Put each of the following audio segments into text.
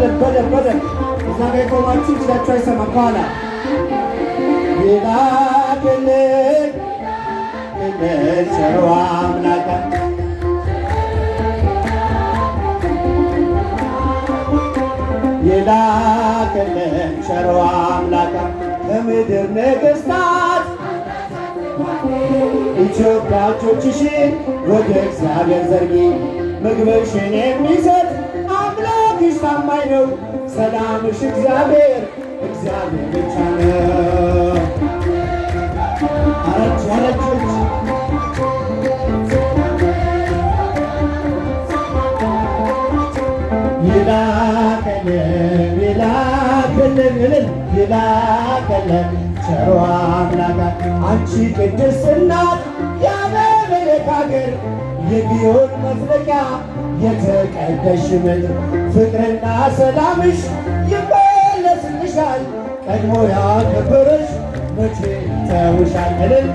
በደር በደር በደር እዛ ጋ የቆማችሁ እጃችሁ አይሰማም። ከኋላ ይላክልን ቸሩ አምላክ ይላክልን ቸሩ አምላክ ከምድር ነገሥታት ኢትዮጵያ እጆችሽን ወደ እግዚአብሔር ዘርጊ ምግብሽን የሚሰ አንቺስ ታማኝ ነው። ሰላምሽ እግዚአብሔር እግዚአብሔር ብቻ ነው። አረች አረች ይላከልን ይላከልን ይላከልን ቸሮ አምላክ አንቺ ቅድስት እናት ያበበለክ አገር የግዮን መፍለቂያ የተቀደሽ ምድር ፍቅርና ሰላምሽ ይመለስልሻል። ቀድሞ ያከበረሽ መቼ ይተውሻል? እልል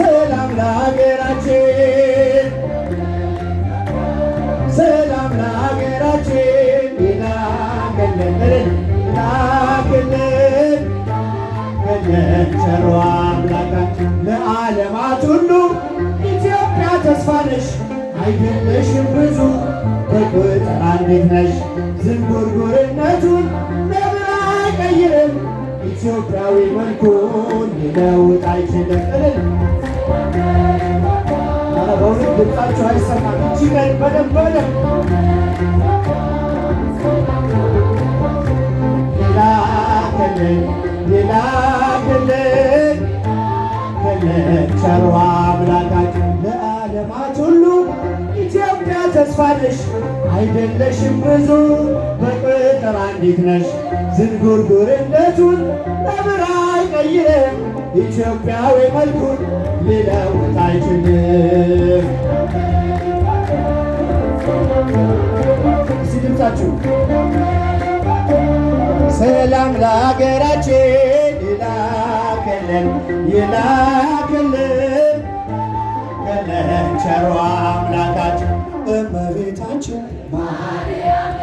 ሰላም ለሀገራችን፣ ሰላም ለሀገራችን ይላክልን እልል ይላክልን አምላካችን ለዓለማት ሁሉ ተስፋነሽ አይደለሽም ብዙ በቁጥር አንዲት ነሽ። ዝንጉርጉርነቱን ለምን አይቀይርም ኢትዮጵያዊ መልኩን ሊለውጥ አይችልም። እልል በእውነት ድምፃችሁ አይሰማም እንጂ ቀን በደንብ በደንብ ይላክልን ይላክልን ቸሩ አምላካ ተስፋለሽ አይደለሽም ብዙ በቁጥር አንዲት ነሽ። ዝንጉርጉርነቱን ለብር አይቀይርም ኢትዮጵያዊ መልኩን ሊለውጥ አይችልም። እስቲ ድምፃችሁ ሰላም ለሀገራችን ይላክልን ይላክልን ከለን ቸሮ አምላካችን እመቤታችን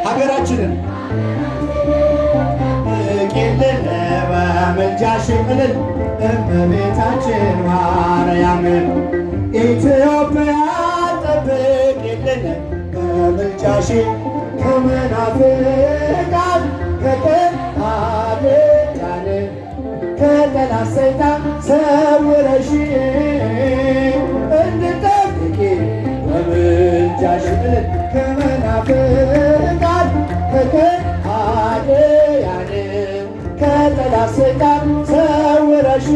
ሀገራችንን ቄልን በምልጃሽ እልል እመቤታችን ማርያምን ኢትዮጵያ ጠብቂልን በምልጃሽ ከመናፍቃን ከስቃም ሰውረሽ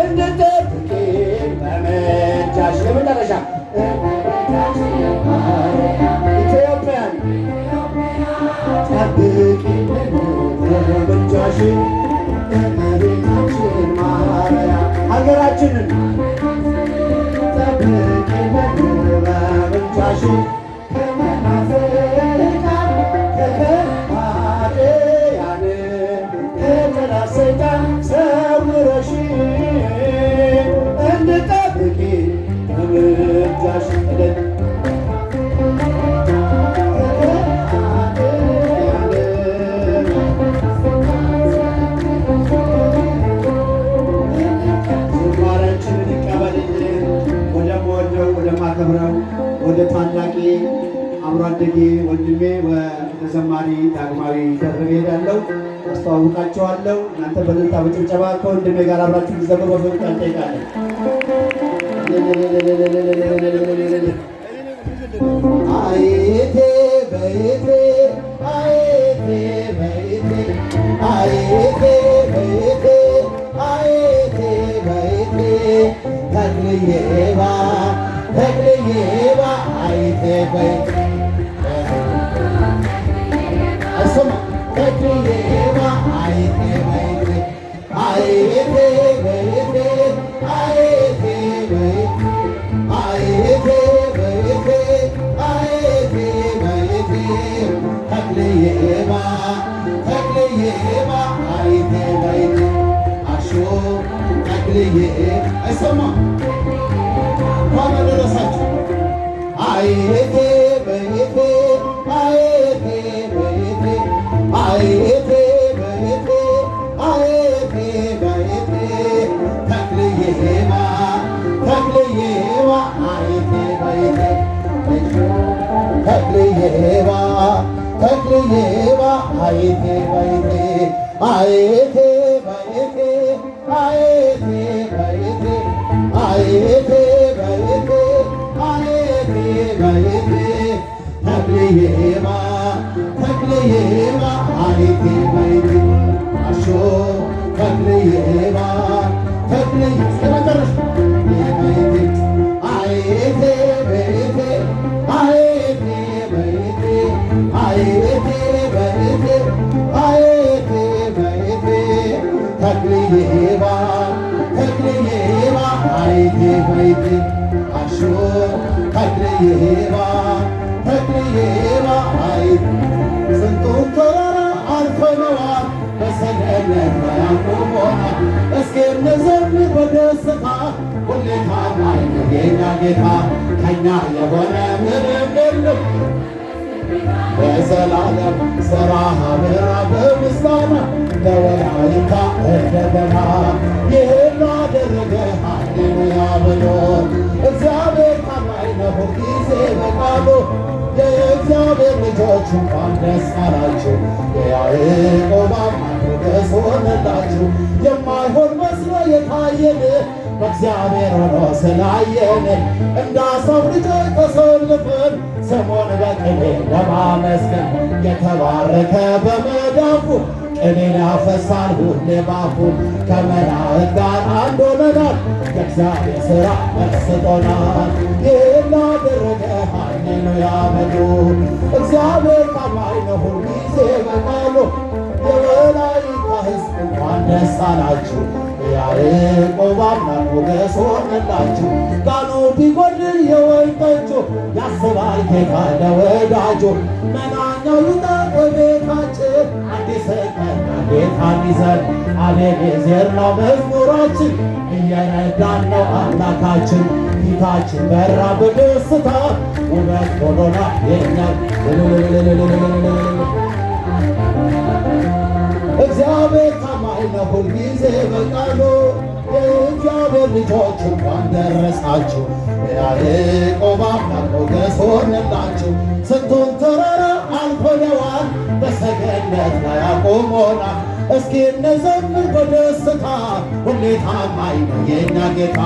እንድጠብቂ መምቻሽ ኢትዮጵያን ሀገራችንን ጠብቂ ጋር አብራችሁ ዘበበ ፍቅር እንጠይቃለን። አይሰማ እንኳን አደረሳችሁ። አየቴ በየቴ አየቴ በየቴ አየቴ በየቴ አየቴ በየቴ ተክልዬማ ተክልዬማ አየቴ በየቴ ተክልዬማ ተክልዬማ አየቴ በየቴ አየቴ ደስታ ሁሌታ ላይ የኛ ጌታ ከኛ የሆነ ምንም የለም። በዘላለም ሰራህ አበራ በምስጋና ለወላይታ እንደገና ይህን አደረገ ሃሌሉያ ብሎ እግዚአብሔር ታማኝ ነው ሁልጊዜ በቃሉ የእግዚአብሔር ልጆች እንኳን ደስ አላችሁ የያዕቆብ አምላክ ሞገስ ሆነላችሁ የማይሆን ታየን በእግዚአብሔር ሆኖ ስላየን እንደ ሰው ተሰልፈን ስሙን በቅኔ ለማመስገን የተባረከ በመዳፉ ቅኔን ያፈሳል ሁሌ ባፉ ከመላእክት ጋር አንድ ሆነናል። የእግዚአብሔር ሥራ መስጦናል። ይህን ላደረገ ሃሌሉያ በሉ። እግዚአብሔር ታማኝ ነው ሁልጊዜ በቃሉ የመላእክት ሕዝብ እንኳን ደስ አላችሁ። ያዕቆብ አምላክ ሞገስ ሆነላችሁ። ቃሉ ቢጎድል የወይን ጠጁ ያስባል ጌታ ለወዳጁ። መናኛው ይውጣ ከቤታችን አዲስ ቀን አቤት አዲሰን አቤኔዜር ነው መዝሙራችን እየረዳን ነው አምላካችን። ፊታችን በራ በደስታ ውበት ሆኖና የኛል እና ሁልጊዜ በቃሉ የእግዚአብሔር ልጆች እንኳን ደረሳችሁ። የያዕቆብ አምላክ ሞገስ ሆነላችሁ። ስንቱን ተራራ አልፈነዋል፣ በሰገነት ላይ አቁሞናል። እስኪ እንዘምር በደስታ ሁሌ ታማኝ ነው ጌታ፣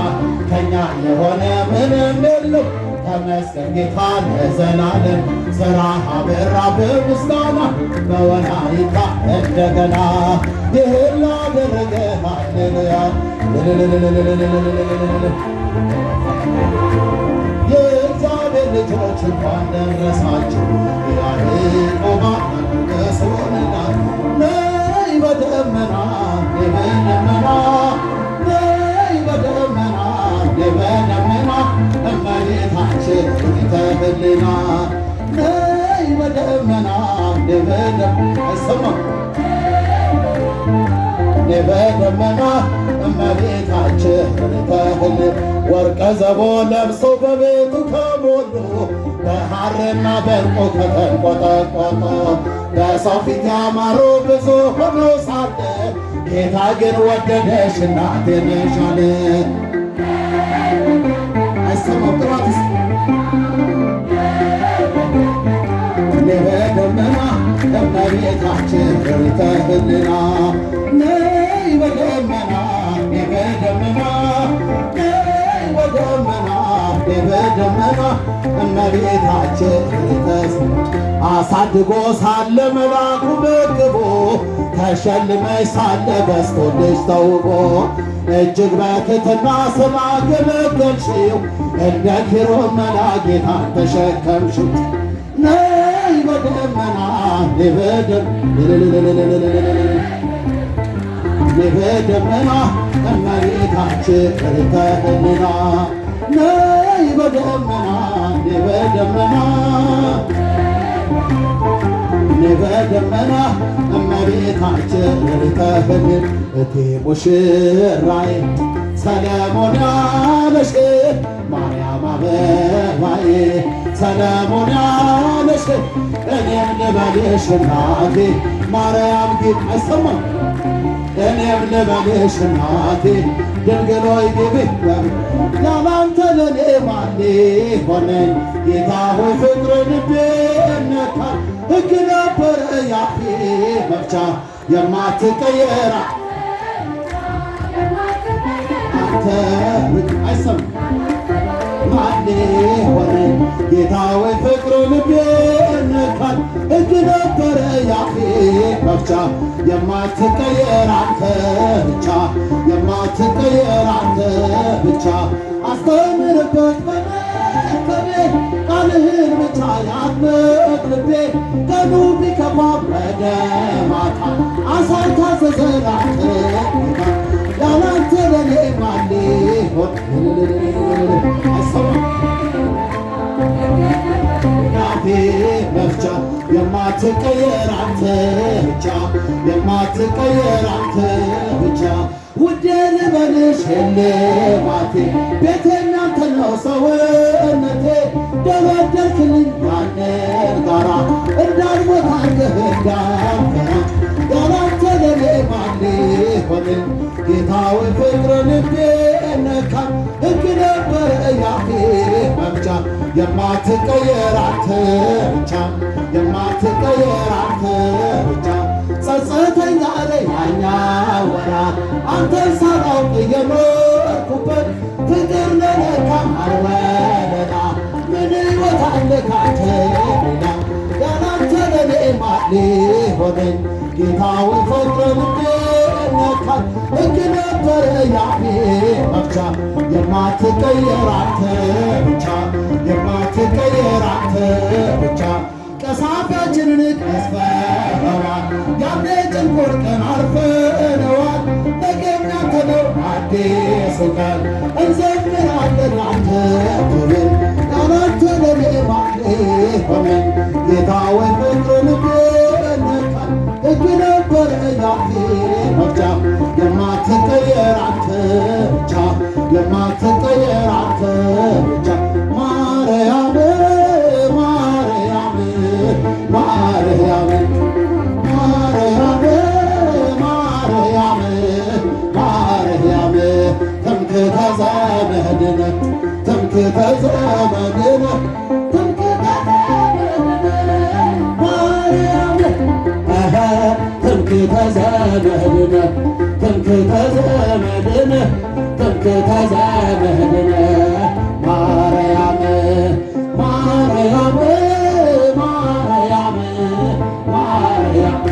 ከኛ የሆነ ምንም የለው ተመስገን ጌታ ለዘላለም ስራህ አበራ በምስጋና በወላይታ እንደገና ይህን ላደረገ ሃሌሉያ የእግዚአብሔር ልጆች እንኳን ደረሳችሁ ያዕቆብ ቀስሮንና ነይ በደመና በደመና ነይ በደመና በደመና ተብልና ነይ በደመና በደመና እመቤታችን ተህል ወርቀ ዘቦ ለብሰው በቤቱ ከሞሉ በሐርና በዕንቁ ከተንቆጠቆጠ በሰው ፊት ያማሩ ብዙ ሆኖ ሳለ ጌታ ግን ወደደሽ እናቴ ነሽ አለ። ያደረ ደመና እመቤታችን ተህልና ነይ በደመና ነይ እመቤታችን አሳድጎ ሳለ መላኩ መግቦ ተሸልመሽ ሳለ በስቶልሽ ተውቦ እጅግ በትትና ስላገለገልሽው እንደ ኪሮስ መላ ጌታን ተሸከምሽው ፈተና በደመና እመቤታችን ተደመና ነይ በደመና ሰለሞን ያለሽ ማርያም አበባዬ ሰለሞን ያለሽ እኔም ልበልሽ እናቴ ማርያም ጌጥ አይሰማ እኔም ልበልሽ እናቴ ድንግል ሆይ ግቢ ለአንተ ለኔ ማሌ ሆነኝ ጌታ ሆይ ፍቅር ልቤ ነካ ሕግ ነበር ያፌ መፍቻ የማትቀየራ አንተ አይሰማ አንድ ጌታ ጌታዊ ፍቅሩ ልቤን ነካኝ እጅ ነበረ ያፌ መፍቻ የማትቀየር አንተ ብቻ የማትቀየር አንተ ብቻ አስተምርበት በመከቤ ቃልህን ብቻ ያጥምቅ ልቤ ቀኑ ቢከፋ ወደ ማታ አሳልታ ዘዘን አንተ ያላንተ ለኔ ማን ሊሆን አንተ ብቻ የማትቀየር አንተ ብቻ ውዴ ልበልሽ እልባቴ ቤቴ እናንተ ነው ሰውነቴ ደወደልክልኝ ያንን ጋራ እንዳልሞት አንተህ እንዳልፈራ ያላንተ ለኔ ማን ሆነ ጌታዊ ፍቅር ልቤ ነካ የማትቀየር አንተ ብቻ የማትቀየር አንተ ብቻ ጸጽተኛ ላይ ያኛው ወራት ሳላውቅ የኖርኩበት ፍቅር ለለካም አልወለቃ ምን ሕይወት አለ ካንተ ሌላ ያላንተ ለኔ ማን ሊሆነኝ ጌታውን ፍቅር ምንነካል ሕግ ነበረ ያቤ ብቻ የማትቀየር አንተ ብቻ የማትቀየር አንተ ብቻ ቀሳፊያችንን ቀስፈነዋል ያኔ ጭንቁን ቀን አልፈነዋል ነገ ያንተ አዲስ ቀን እንዘምራለን አንተ ክብር ያላንተ ለኔ ማለት ጌታ ወይ ፍቅርን ብነካል እጅ ነበር ያፌ መፍቻ አትቀየር አንተ ትምክህተ ዘመድነ ትምክህተ ዘመድነ ተዛመድነ ማርያም ማርያም ማርያም ማርያም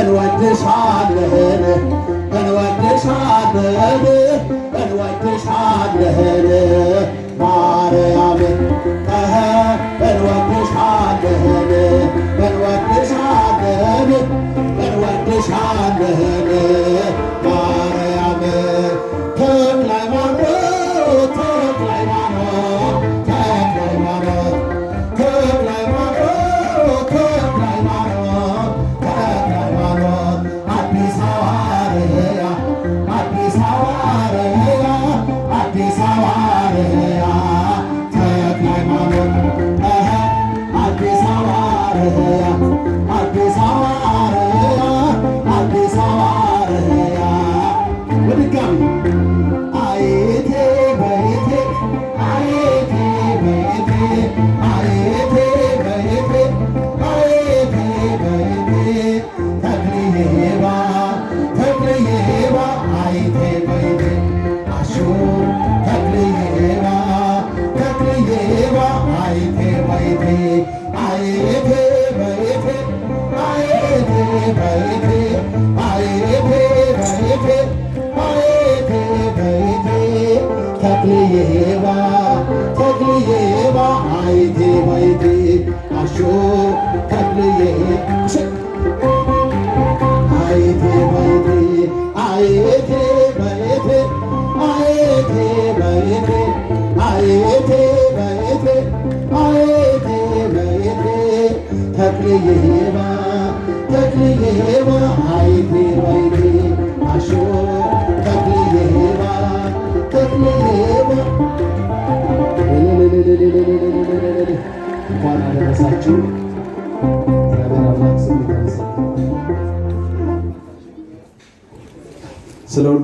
እንወድሻለን እንወድሻለን እንወድሻለን ሻለን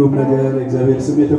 ሁሉም ነገር እግዚአብሔር ስም